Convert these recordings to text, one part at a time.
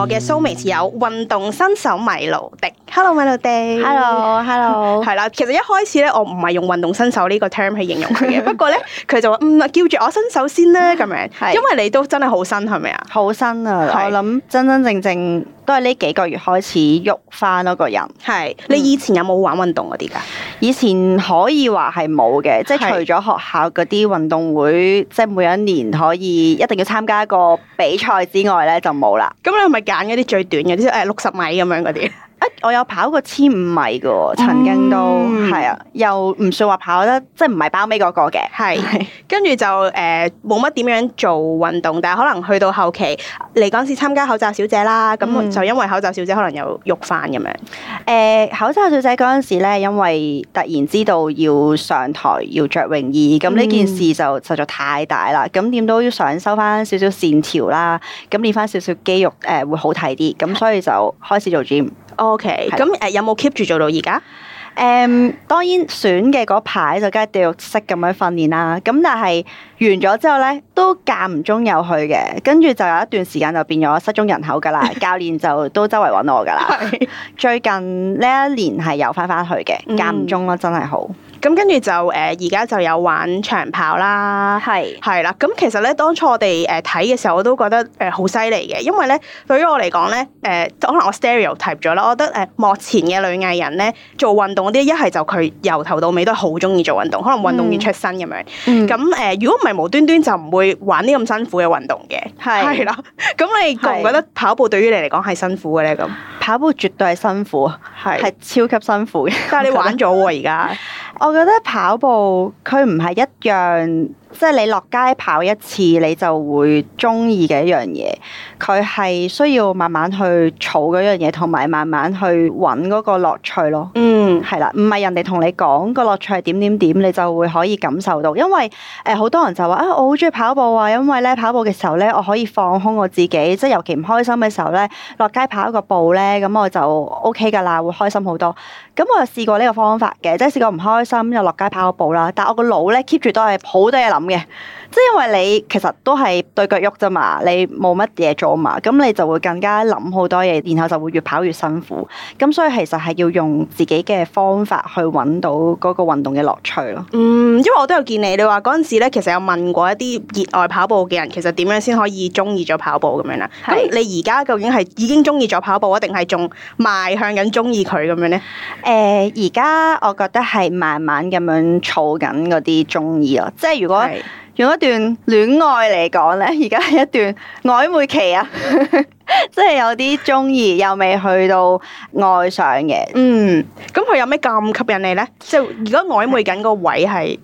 我嘅 Sportsomate 有運動新手米露迪。Hello，米露迪。Hello，Hello。係啦，其實一開始咧，我唔係用運動新手呢個 term 去形容佢嘅。 不過咧，佢就話：嗯啊，叫住我新手先啦咁樣。因為你都真係好新，係咪啊？好新啊！的我諗真真正正都係呢幾個月開始喐翻咯，個人係。的你以前有冇玩運動嗰啲噶？嗯、以前可以話係冇嘅，即係除咗學校嗰啲運動會，的即係每一年可以一定要參加一個比賽之外咧，就冇啦。咁你係咪揀一啲最短嘅，即誒六十米咁樣嗰啲？ 啊、我有跑過千五米嘅，曾經都係啊、mm.，又唔算話跑得，即係唔係包尾嗰個嘅，係。跟 住是 就誒，冇乜點樣做運動，但係可能去到後期嚟嗰陣時參加口罩小姐啦，咁、mm. 就因為口罩小姐可能又喐翻咁樣。誒、嗯欸，口罩小姐嗰陣時咧，因為突然知道要上台要着泳衣，咁呢件事就實在太大啦。咁點都想收翻少，少少線條啦，咁練翻少少肌肉誒、呃，會好睇啲。咁所以就開始做 gym。O K，咁誒有冇 keep 住做到而家？誒 Okay, 是、嗯、當然選嘅嗰排就梗係地獄式咁樣訓練啦。咁但係完咗之後咧，都間唔中有去嘅。跟住就有一段時間就變咗失蹤人口㗎啦。 教練就都周圍揾我㗎啦。是最近呢一年係又返返去嘅，間唔中咯，真係好。嗯咁跟住就誒，而家就有玩長跑啦，係係啦。咁其實咧，當初我哋誒睇嘅時候，我都覺得誒好犀利嘅，因為咧對於我嚟講咧，誒可能我 stereotype 咗啦，我覺得誒幕前嘅女藝人咧做運動嗰啲，一係就佢由頭到尾都係好中意做運動，可能運動員出身咁樣。咁誒、嗯，如果唔係無端端就唔會玩啲咁辛苦嘅運動嘅，係係啦。咁你覺唔覺得跑步對於你嚟講係辛苦嘅咧？咁的跑步絕對係辛苦，係係超級辛苦嘅。但係你玩咗喎而家。 我覺得跑步佢唔係一樣。即係你落街跑一次你就會中意嘅一樣嘢，佢係需要慢慢去儲嗰樣嘢，同埋慢慢去揾嗰個樂趣咯。嗯，係啦，唔係人哋同你講個樂趣係點點點你就會可以感受到。因為誒好多人就話啊，我好中意跑步啊，因為咧跑步嘅時候咧，我可以放空我自己，即係尤其唔開心嘅時候咧，落街跑一個步咧，咁我就 OK 噶啦，會開心好多。咁我又試過呢個方法嘅，即係試過唔開心又落街跑個步啦，但我個腦咧 keep 住都係抱多嘢諗嘅，即係因為你其實都係對腳喐啫嘛，你冇乜嘢做嘛，咁你就會更加諗好多嘢，然後就會越跑越辛苦。咁所以其實係要用自己嘅方法去搵到嗰個運動嘅樂趣咯。嗯，因為我都有見你，你話嗰陣時咧，其實有問過一啲熱愛跑步嘅人，其實點樣先可以中意咗跑步咁樣啦。咁是你而家究竟係已經中意咗跑步，定係仲邁向緊中意佢咁樣咧？誒、呃，而家我覺得係慢慢咁樣儲緊嗰啲中意咯，即係如果。用一段戀愛嚟講咧，而家係一段曖昧期啊！ 即係有啲中意又未去到愛上嘅，嗯，咁佢、嗯、有咩咁吸引你呢？ 即係如果曖昧緊個位係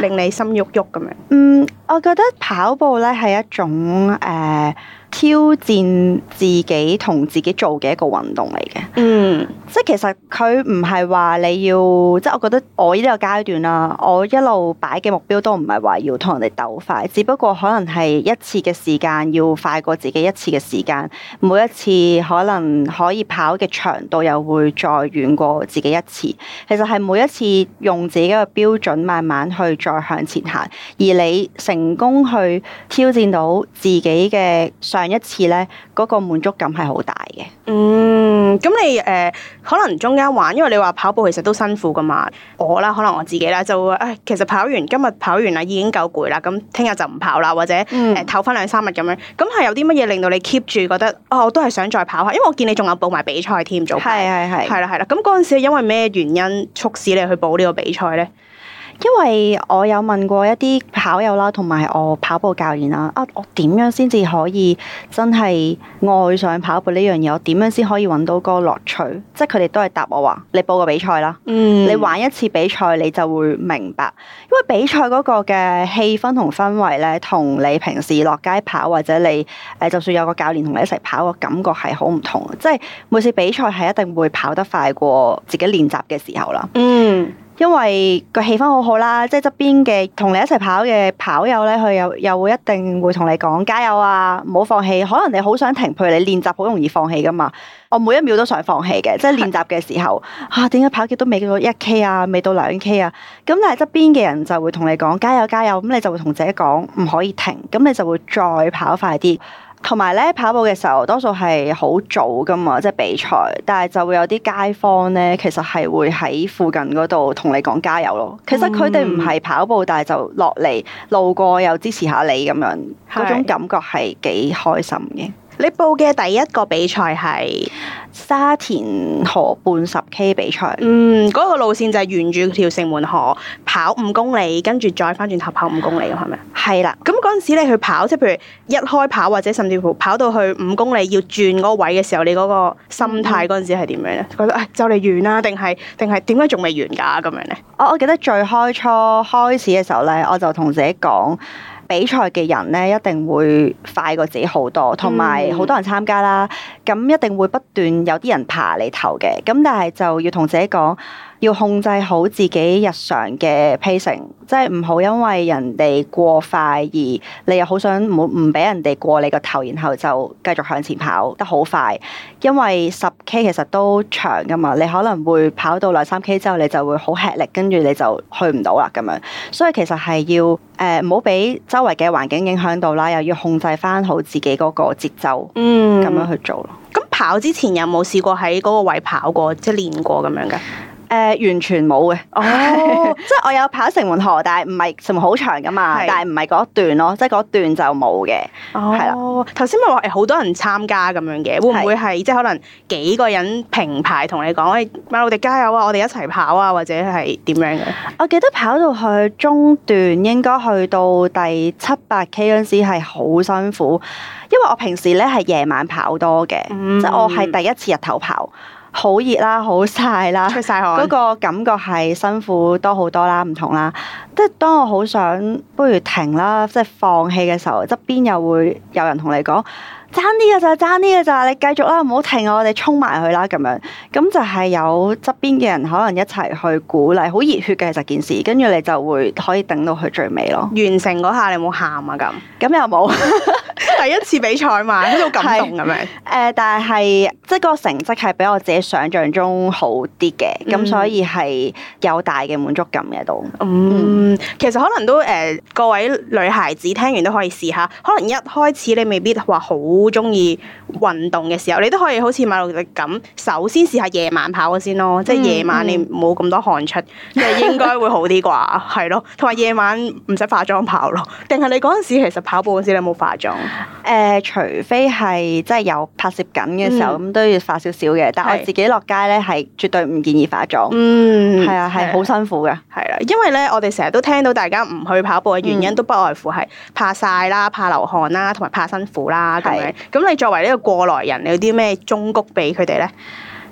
令你心喐喐咁樣？嗯，我覺得跑步呢係一種誒、呃、挑戰自己同自己做嘅一個運動嚟嘅，嗯，即係其實佢唔係話你要，即係我覺得我呢個階段啦、啊，我一路擺嘅目標都唔係話要同人哋鬥快，只不過可能係一次嘅時間要快過自己一次嘅時間。每一次可能可以跑嘅長度又會再遠過自己一次，其實係每一次用自己嘅標準慢慢去再向前行，而你成功去挑戰到自己嘅上一次咧，嗰個滿足感係好大嘅。嗯，咁你誒、呃、可能中間玩，因為你話跑步其實都辛苦噶嘛，我啦可能我自己啦就會誒、哎、其實跑完今日跑完啦已經夠攰啦，咁聽日就唔跑啦，或者誒唞翻兩三日咁樣，咁係、嗯、有啲乜嘢令到你 keep 住覺得？哦，我都係想再跑下，因為我見你仲有報埋比賽添，早排係係係，係啦係啦，咁嗰陣時因為咩原因促使你去報呢個比賽咧？因為我有問過一啲跑友啦，同埋我跑步教練啦，啊，我點樣先至可以真係愛上跑步呢樣嘢？我點樣先可以揾到嗰個樂趣？即係佢哋都係答我話：你報個比賽啦，嗯、你玩一次比賽你就會明白，因為比賽嗰個嘅氣氛同氛圍咧，同你平時落街跑或者你誒，就算有個教練同你一齊跑，個感覺係好唔同。即係每次比賽係一定會跑得快過自己練習嘅時候啦。嗯。因為個氣氛好好啦，即係側邊嘅同你一齊跑嘅跑友咧，佢又又會一定會同你講加油啊，唔好放棄。可能你好想停，譬如你練習好容易放棄噶嘛，我每一秒都想放棄嘅，是即係練習嘅時候，啊點解跑極都未到一 k 啊，未到兩 k 啊？咁但係側邊嘅人就會同你講加油加油，咁你就會同自己講唔可以停，咁你就會再跑快啲。同埋咧，跑步嘅時候多數係好早㗎嘛，即係比賽，但係就會有啲街坊咧，其實係會喺附近嗰度同你講加油咯。其實佢哋唔係跑步，但係就落嚟路過又支持下你咁樣，嗰種感覺係幾開心嘅。你報嘅第一個比賽係沙田河畔十 K 比賽。嗯，嗰、那個路線就係沿住條城門河跑五公里，跟住再翻轉頭跑五公里，咁係咪啊？係啦。咁嗰陣時你去跑，即係譬如一開跑或者甚至乎跑到去五公里要轉個位嘅時候，你嗰個心態嗰陣、嗯、時係點樣呢？覺得誒就嚟完啦，定係定係點解仲未完㗎咁樣呢？我、哎哦、我記得最開初開始嘅時候呢，我就同自己講。比賽嘅人呢，一定會快過自己好多，同埋好多人參加啦。咁、嗯、一定會不斷有啲人爬你頭嘅，咁但係就要同自己講。要控制好自己日常嘅 pacing，即係唔好因為人哋過快而你又好想唔好唔俾人哋過你個頭，然後就繼續向前跑得好快。因為十 K 其實都長噶嘛，你可能會跑到兩三 K 之後你就會好吃力，跟住你就去唔到啦咁樣，所以其實係要誒唔好俾周圍嘅環境影響到啦，又要控制翻好自己嗰個節奏，嗯，咁樣去做咯。咁、嗯、跑之前有冇試過喺嗰個位跑過即係練過咁樣噶？嗯誒、呃，完全冇嘅。哦，即係 我有跑城門河，但係唔係城門好長噶嘛，是但係唔係嗰段咯，即係嗰段就冇嘅。哦，頭先咪話誒，好多人參加咁樣嘅，會唔會係是即係可能幾個人平排同你講，喂，米露迪加油啊，我哋一齊跑啊，或者係點樣嘅？嗯、我記得跑到去中段，應該去到第七八 K 嗰陣時係好辛苦，因為我平時咧係夜晚跑多嘅，即係我係第一次日頭跑。好熱啦，好晒啦，出曬汗，嗰個感覺係辛苦多好多啦，唔同啦。即係當我好想，不如停啦，即係放棄嘅時候，側邊又會有人同你講，爭啲嘅就係，爭啲嘅就係，你繼續啦，唔好停，我哋衝埋去啦，咁樣。咁就係有側邊嘅人可能一齊去鼓勵，好熱血嘅其實件事，跟住你就會可以頂到佢最尾咯。完成嗰下你冇喊啊？咁咁有冇？ 第一次比賽嘛，喺度感動咁樣。誒、 呃，但係即係個成績係比我自己想像中好啲嘅，咁、嗯、所以係有大嘅滿足感嘅都。嗯，其實可能都誒、呃，各位女孩子聽完都可以試下。可能一開始你未必話好中意運動嘅時候，你都可以好似米露迪咁，首先試下夜晚跑先咯。嗯、即係夜晚你冇咁多汗出，即係 應該會好啲啩，係咯。同埋夜晚唔使化妝跑咯。定係你嗰陣時其實跑步嗰時你冇化妝？誒、呃，除非係即係有拍攝緊嘅時候，咁都、嗯、要化少少嘅。但係我自己落街咧，係絕對唔建議化妝。嗯，係啊，係好辛苦嘅，係啦。因為咧，我哋成日都聽到大家唔去跑步嘅原因，嗯、都不外乎係怕晒啦、怕流汗啦、同埋怕辛苦啦，係咪的？咁你作為呢個過來人，你有啲咩忠告俾佢哋咧？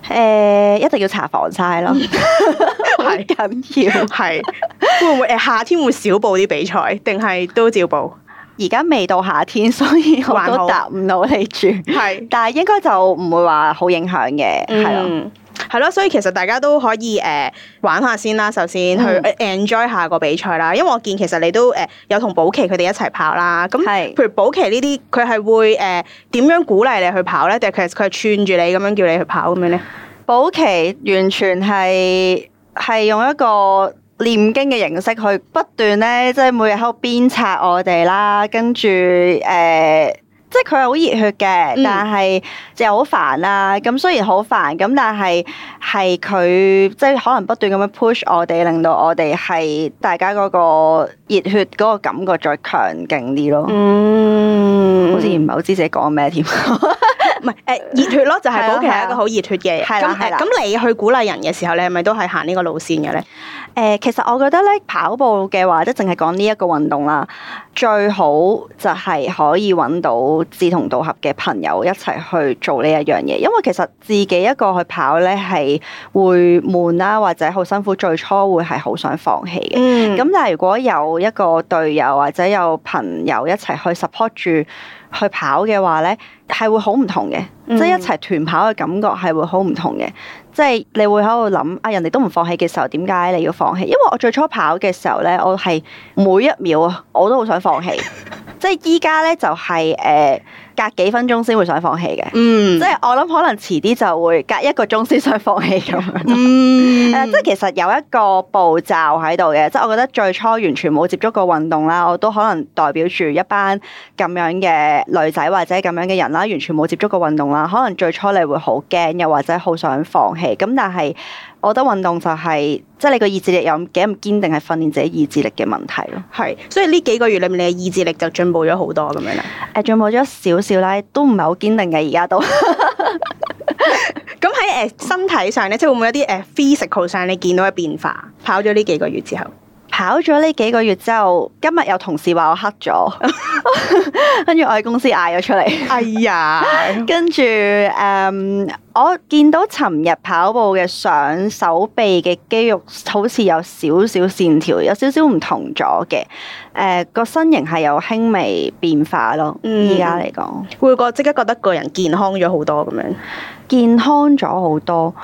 誒、呃，一定要搽防晒咯，好 緊要。係會唔會誒？夏天會少報啲比賽，定係都照報？而家未到夏天，所以我都答唔到你住。係，但係應該就唔會話好影響嘅，係咯，係咯。所以其實大家都可以誒、呃、玩下先啦，首先去 enjoy 下個比賽啦。因為我見其實你都誒、呃、有同寶琪佢哋一齊跑啦。咁，譬如寶琪呢啲，佢係會誒點、呃、樣鼓勵你去跑咧？定係其實佢係串住你咁樣叫你去跑咁樣咧？嗯、寶琪完全係係用一個。念經嘅形式去不斷咧，即係每日喺度鞭策我哋啦，跟住誒、呃，即係佢係好熱血嘅、嗯啊，但係就好煩啦。咁雖然好煩，咁但係係佢即係可能不斷咁樣 push 我哋，令到我哋係大家嗰個熱血嗰個感覺再強勁啲咯。嗯，好似唔係好知自己講咩添。 唔係誒熱血咯，就係、是、保騎係一個好熱血嘅。咁誒咁你去鼓勵人嘅時候，你係咪都係行呢個路線嘅咧？誒、呃，其實我覺得咧，跑步嘅話，即係淨係講呢一個運動啦，最好就係可以揾到志同道合嘅朋友一齊去做呢一樣嘢，因為其實自己一個去跑咧係會悶啦、啊，或者好辛苦，最初會係好想放棄嘅。咁、嗯、但係如果有一個隊友或者有朋友一齊去 support 住。去跑嘅話咧，係會好唔同嘅，即係、嗯、一齊團跑嘅感覺係會好唔同嘅，即係你會喺度諗啊，人哋都唔放棄嘅時候，點解你要放棄？因為我最初跑嘅時候咧，我係每一秒啊，我都好想放棄。 即係依家咧就係、是、誒、呃、隔幾分鐘先會想放棄嘅，嗯、即係我諗可能遲啲就會隔一個鐘先想放棄咁、嗯、樣。誒，即係其實有一個步驟喺度嘅，即係我覺得最初完全冇接觸過運動啦，我都可能代表住一班咁樣嘅女仔或者咁樣嘅人啦，完全冇接觸過運動啦，可能最初你會好驚，又或者好想放棄，咁但係。我覺得運動就係，即係你個意志力有幾咁堅定，係訓練自己意志力嘅問題咯。係，所以呢幾個月裏面，你嘅意志力就進步咗好多咁樣啦。誒，進步咗少少啦，都唔係好堅定嘅而家都。咁喺誒身體上咧，即係會唔會有啲誒 physical 上你見到嘅變化？跑咗呢幾個月之後。跑咗呢幾個月之後，今日有同事話我黑咗，跟住 我喺公司嗌咗出嚟。哎呀，跟住誒，um, 我見到尋日跑步嘅上手臂嘅肌肉好似有少少線條，有少少唔同咗嘅。誒、呃，個身形係有輕微變化咯。而家嚟講，會覺即刻覺得個人健康咗好多咁樣，健康咗好多。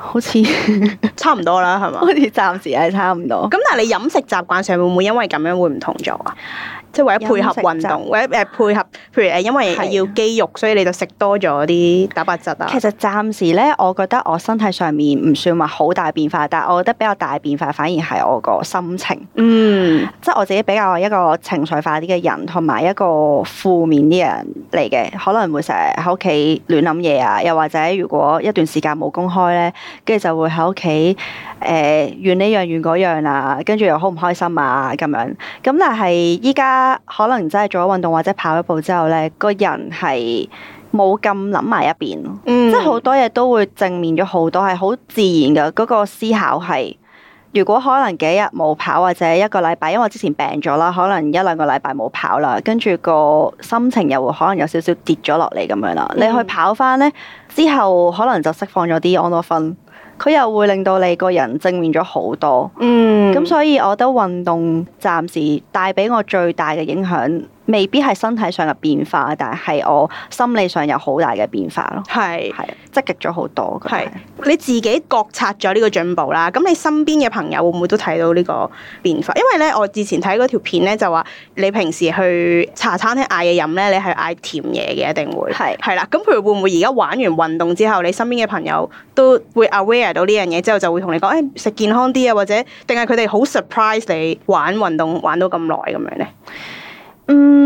好似 差唔多啦，係嘛？好似暫時係差唔多。咁 但係你飲食習慣上會唔會因為咁樣會唔同咗啊？即係為咗配合運動或者誒配合，譬如誒因為係要肌肉，的所以你就食多咗啲蛋白質啊。其實暫時咧，我覺得我身體上面唔算話好大變化，但係我覺得比較大變化反而係我個心情。嗯，即係我自己比較一個情緒化啲嘅人，同埋一個負面啲人嚟嘅，可能會成日喺屋企亂諗嘢啊。又或者如果一段時間冇公開咧，跟住就會喺屋企誒怨呢樣怨嗰樣啦，跟住又好唔開心啊咁樣，咁但係依家。可能真係做咗運動或者跑咗步之後咧，個人係冇咁諗埋一邊、嗯、即係好多嘢都會正面咗好多，係好自然噶嗰、嗰個思考係。如果可能幾日冇跑或者一個禮拜，因為我之前病咗啦，可能一兩個禮拜冇跑啦，跟住個心情又會可能有少少跌咗落嚟咁樣啦。嗯、你去跑翻咧之後，可能就釋放咗啲安多芬，佢又會令到你個人正面咗好多，咁、嗯、所以我覺得運動暫時帶俾我最大嘅影響。未必係身體上嘅變化，但係我心理上有好大嘅變化咯。係係積極咗好多嘅。係的你自己覺察咗呢個進步啦。咁你身邊嘅朋友會唔會都睇到呢個變化？因為咧，我之前睇嗰條片咧就話，你平時去茶餐廳嗌嘢飲咧，你係嗌甜嘢嘅，一定會係係啦。咁佢的會唔會而家玩完運動之後，你身邊嘅朋友都會 aware 到呢樣嘢之後，就會同你講，誒、哎、食健康啲啊，或者定係佢哋好 surprise 你玩運動玩到咁耐咁樣呢？」嗯。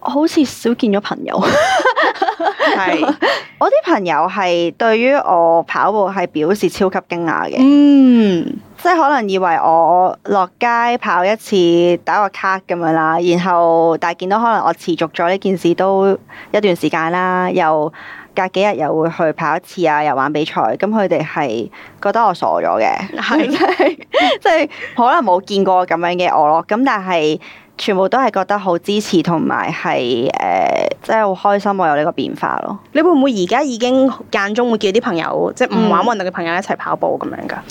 我好似少見咗朋友， 係我啲朋友係對於我跑步係表示超級驚訝嘅，嗯，即係可能以為我落街跑一次打個卡咁樣啦，然後但係見到可能我持續咗呢件事都一段時間啦，又隔幾日又會去跑一次啊，又玩比賽，咁佢哋係覺得我傻咗嘅，係即係可能冇見過咁樣嘅我咯，咁但係。全部都係覺得好支持同埋係誒，即係好開心我有呢個變化咯。你會唔會而家已經間中會叫啲朋友，即係唔玩運動嘅朋友一齊跑步咁樣㗎？嗯、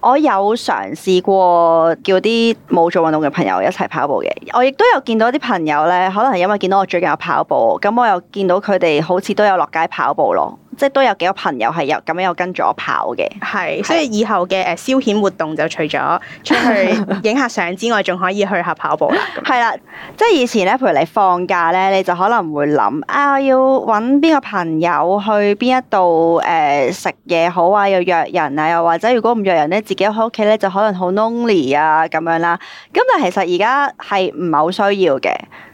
我有嘗試過叫啲冇做運動嘅朋友一齊跑步嘅。我亦都有見到啲朋友咧，可能係因為見到我最近有跑步，咁我又見到佢哋好似都有落街跑步咯。即係都有幾個朋友係有咁樣有跟住我跑嘅，係是，是所以以後嘅誒消遣活動就除咗出去影下相之外，仲 可以去下跑步。係啦，即係以前咧，譬如你放假咧，你就可能會諗啊，要搵邊個朋友去邊一度誒食嘢好啊，又約人啊，又或者如果唔約人咧，自己喺屋企咧就可能好 lonely 啊咁樣啦。咁但其實而家係唔係好需要嘅。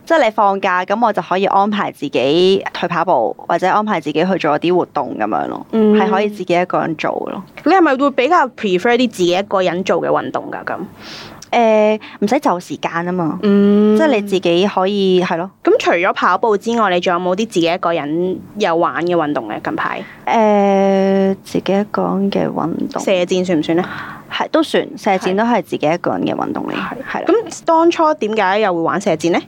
即係你放假咁，我就可以安排自己去跑步，或者安排自己去做啲活動咁樣咯，係、嗯、可以自己一個人做咯。你係咪會比較 prefer 啲自己一個人做嘅運動噶？咁、呃，誒，唔使就時間啊嘛，嗯、即係你自己可以係咯。咁、嗯、除咗跑步之外，你仲有冇啲自己一個人有玩嘅運動呢？近排？誒、呃，自己一個人嘅運動，射箭算唔算咧？係，都算，射箭都係自己一個人嘅運動嚟，係啦的。咁的當初點解又會玩射箭咧？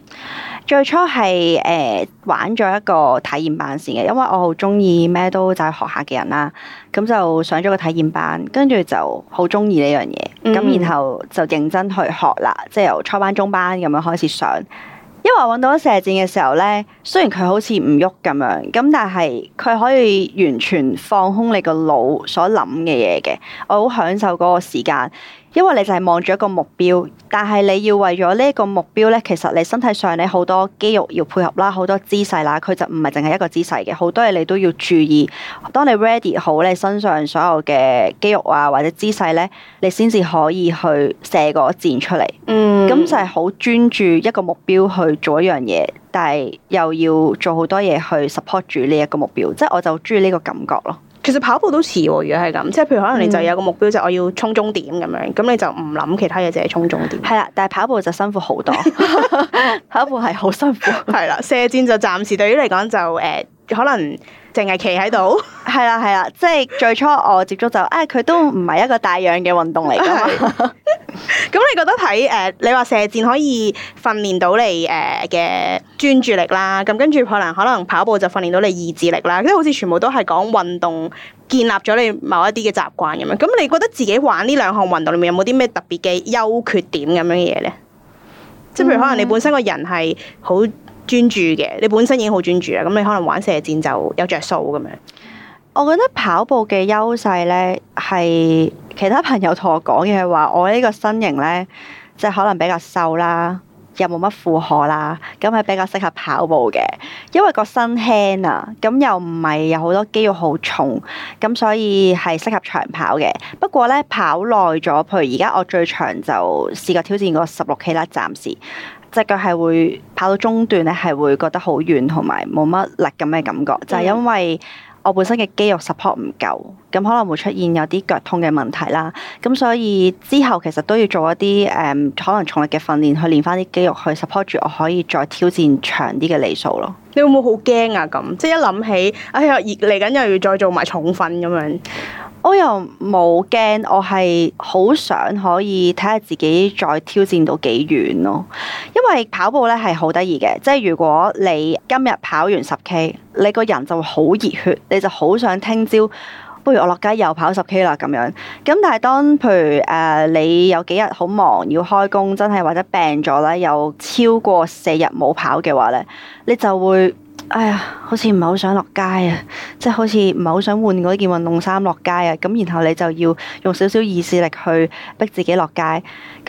最初係誒、呃、玩咗一個體驗班先嘅，因為我好中意咩都就係學下嘅人啦。咁就上咗個體驗班，跟住就好中意呢樣嘢。咁、嗯、然後就認真去學啦，即係由初班、中班咁樣開始上。因為我揾到射箭嘅時候呢，雖然佢好似唔喐咁樣，咁但係佢可以完全放空你個腦所諗嘅嘢嘅，我好享受嗰個時間。因為你就係望住一個目標，但係你要為咗呢個目標咧，其實你身體上你好多肌肉要配合啦，好多姿勢啦，佢就唔係淨係一個姿勢嘅，好多嘢你都要注意。當你 ready 好你身上所有嘅肌肉啊或者姿勢咧，你先至可以去射個箭出嚟。嗯，咁就係好專注一個目標去做一樣嘢，但係又要做好多嘢去 support 住呢一個目標，即係我就鍾意呢個感覺咯。其實跑步都似喎、啊，如果係咁，即係譬如可能你就有個目標就、嗯、我要衝終點咁樣，咁你就唔諗其他嘢就係衝終點。係啦，但係跑步就辛苦好多， 跑步係好辛苦。係啦，射箭就暫時對於嚟講就誒、呃、可能。淨係企喺度，係啦係啦，即係 最初我接觸就，啊、哎、佢都唔係一個帶氧嘅運動嚟噶。咁 是的 你覺得睇誒、呃，你話射箭可以訓練到你誒嘅專注力啦，咁跟住可能可能跑步就訓練到你意志力啦。跟住好似全部都係講運動建立咗你某一啲嘅習慣咁樣。咁你覺得自己玩呢兩項運動裡面有冇啲咩特別嘅優缺點咁樣嘅嘢咧？即係譬如可能你本身個人係好。嗯專注嘅，你本身已經好專注啦，咁你可能玩射箭就有着數咁樣。我覺得跑步嘅優勢呢，係其他朋友同我講嘅話，我呢個身形呢，即係可能比較瘦啦，又冇乜負荷啦，咁係比較適合跑步嘅，因為個身輕啊，咁又唔係有好多肌肉好重，咁所以係適合長跑嘅。不過呢，跑耐咗，譬如而家我最長就試過挑戰個十六 K 啦，暫時。隻腳係會跑到中段咧，係會覺得好軟同埋冇乜力咁嘅感覺，嗯、就係因為我本身嘅肌肉 support 唔夠，咁可能會出現有啲腳痛嘅問題啦。咁所以之後其實都要做一啲誒，可能重力嘅訓練去練返啲肌肉去 support 住，我可以再挑戰長啲嘅里數咯。你會唔會好驚啊？咁即係一諗起哎呀，嚟緊又要再做埋重訓咁樣。我又冇驚，我係好想可以睇下自己再挑戰到幾遠咯、喔。因為跑步咧係好得意嘅，即係如果你今日跑完十 K，你個人就會好熱血，你就好想聽朝不如我落街又跑十 K 啦咁樣。咁但係當譬如誒、呃、你有幾日好忙要開工，真係或者病咗咧，有超過四日冇跑嘅話咧，你就會。哎呀，好似唔係好想落街啊，即係好似唔係好想換嗰件運動衫落街啊，咁然後你就要用少少意志力去逼自己落街，咁、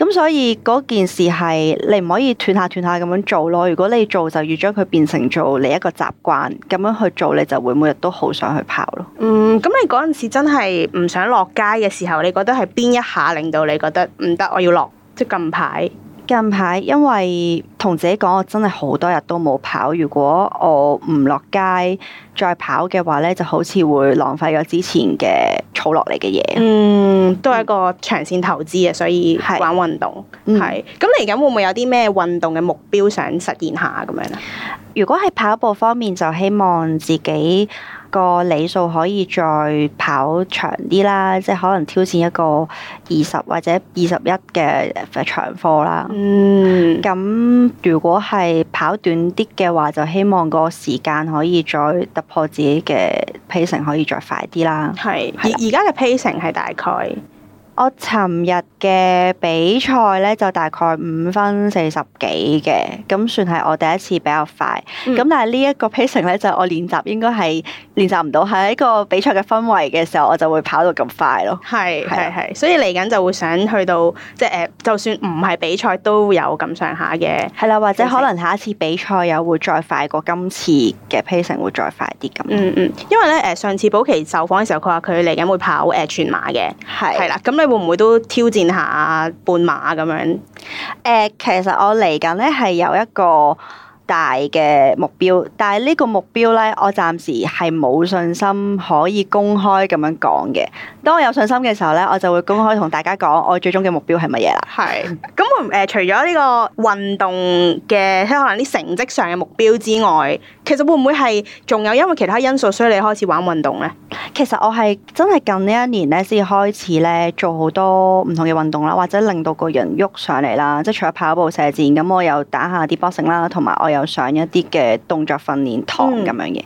嗯、所以嗰件事係你唔可以斷下斷下咁樣做咯。如果你做，就要將佢變成做你一個習慣，咁樣去做，你就會每日都好想去跑咯。嗯，咁你嗰陣時真係唔想落街嘅時候，你覺得係邊一下令到你覺得唔得，我要落？即係近排。近排因為同自己講，我真係好多日都冇跑。如果我唔落街再跑嘅話咧，就好似會浪費咗之前嘅儲落嚟嘅嘢。嗯，都係一個長線投資啊，所以玩運動係。咁、嗯、你而家會唔會有啲咩運動嘅目標想實現下咁樣咧？如果喺跑步方面，就希望自己。個里數可以再跑長啲啦，即係可能挑戰一個二十或者二十一嘅長課啦。嗯，咁如果係跑短啲嘅話，就希望個時間可以再突破自己嘅 pacing 可以再快啲啦。係，而家嘅 pacing 係大概我尋日嘅比賽咧，就大概五分四十幾嘅，咁算係我第一次比較快。咁、嗯、但係呢一個 pacing 咧，就我練習應該係。練習唔到喺一個比賽嘅氛圍嘅時候，我就會跑到咁快咯。係係係，所以嚟緊就會想去到即係誒、呃，就算唔係比賽都有咁上下嘅。係啦，或者可能下一次比賽有會再快過今次嘅 pacing 會再快啲咁。嗯嗯，因為咧誒、呃、上次保琪受訪嘅時候，佢話佢嚟緊會跑誒、呃、全馬嘅。係係啦，咁的你會唔會都挑戰下半馬咁樣？誒、呃，其實我嚟緊咧係有一個大嘅目標，但係呢個目標咧，我暫時係冇信心可以公開咁樣講嘅。當我有信心嘅時候咧，我就會公開同大家講我最終嘅目標係乜嘢啦。係。咁誒，除咗呢個運動嘅即係可能啲成績上嘅目標之外，其實會唔會係仲有因為其他因素，所以你開始玩運動咧？其實我係真係近呢一年咧先開始咧做好多唔同嘅運動啦，或者令到個人喐上嚟啦。即係除咗跑步射箭，咁我又打下啲 boxing 啦，同埋我又。上一啲嘅動作訓練堂咁、嗯、樣嘅，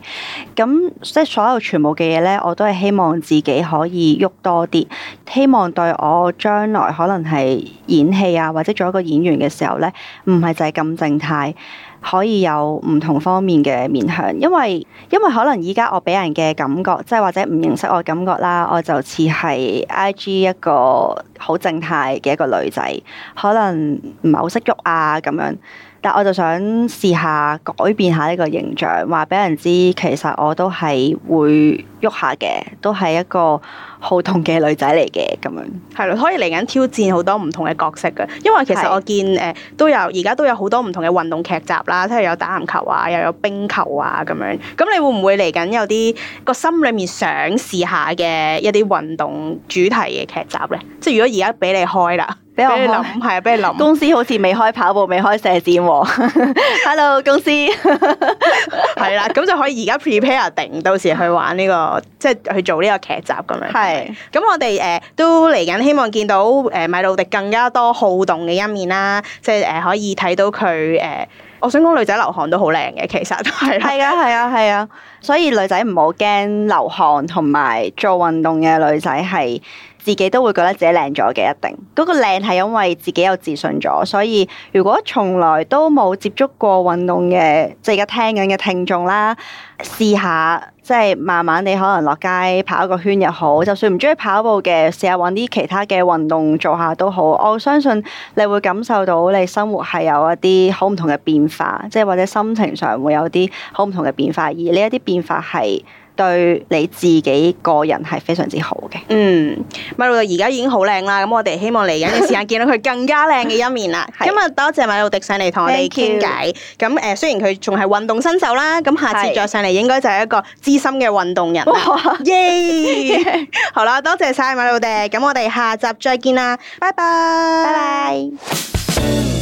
咁即係所有全部嘅嘢咧，我都係希望自己可以喐多啲，希望對我將來可能係演戲啊，或者做一個演員嘅時候咧，唔係就係咁靜態，可以有唔同方面嘅面向，因為因為可能依家我俾人嘅感覺，即係或者唔認識我感覺啦，我就似係 IG 一個好靜態嘅一個女仔，可能唔係好識喐啊咁樣。但我就想試下改變下呢個形象，話俾人知其實我都係會喐下嘅，都係一個好動嘅女仔嚟嘅咁樣。係咯，可以嚟緊挑戰好多唔同嘅角色嘅，因為其實我見誒的都有而家都有好多唔同嘅運動劇集啦，即係有打籃球啊，又有，有冰球啊咁樣。咁你會唔會嚟緊有啲個心裡面想試下嘅一啲運動主題嘅劇集咧？即係如果而家俾你開啦。俾你諗，係啊，俾你諗。公司好似未開跑步，未開射箭。 Hello，公司係啦，咁 就可以而家 prepare 定，到時去玩呢個，即係去做呢個劇集咁樣。係，咁我哋誒都嚟緊，希望見到誒米露迪更加多好動嘅一面啦，即係誒可以睇到佢誒。我想講女仔流汗都好靚嘅，其實係。係啊，係啊，係啊，所以女仔唔好驚流汗，同埋做運動嘅女仔係。自己都會覺得自己靚咗嘅，一定嗰、嗰個靚係因為自己有自信咗，所以如果從來都冇接觸過運動嘅，即係而家聽緊嘅聽眾啦。試下即係慢慢你可能落街跑一個圈又好，就算唔中意跑步嘅，試下揾啲其他嘅運動做下都好。我相信你會感受到你生活係有一啲好唔同嘅變化，即係或者心情上會有啲好唔同嘅變化。而呢一啲變化係對你自己個人係非常之好嘅。嗯，米露迪而家已經好靚啦，咁我哋希望嚟緊嘅時間見到佢更加靚嘅一面啦。今日 是多謝米露迪上嚟同我哋傾偈。咁誒，雖然佢仲係運動新手啦，咁下次再上嚟。應該就係一個資深嘅運動人。耶！好啦，多謝晒米露迪。咁 我哋下集再見啦，拜拜，拜拜。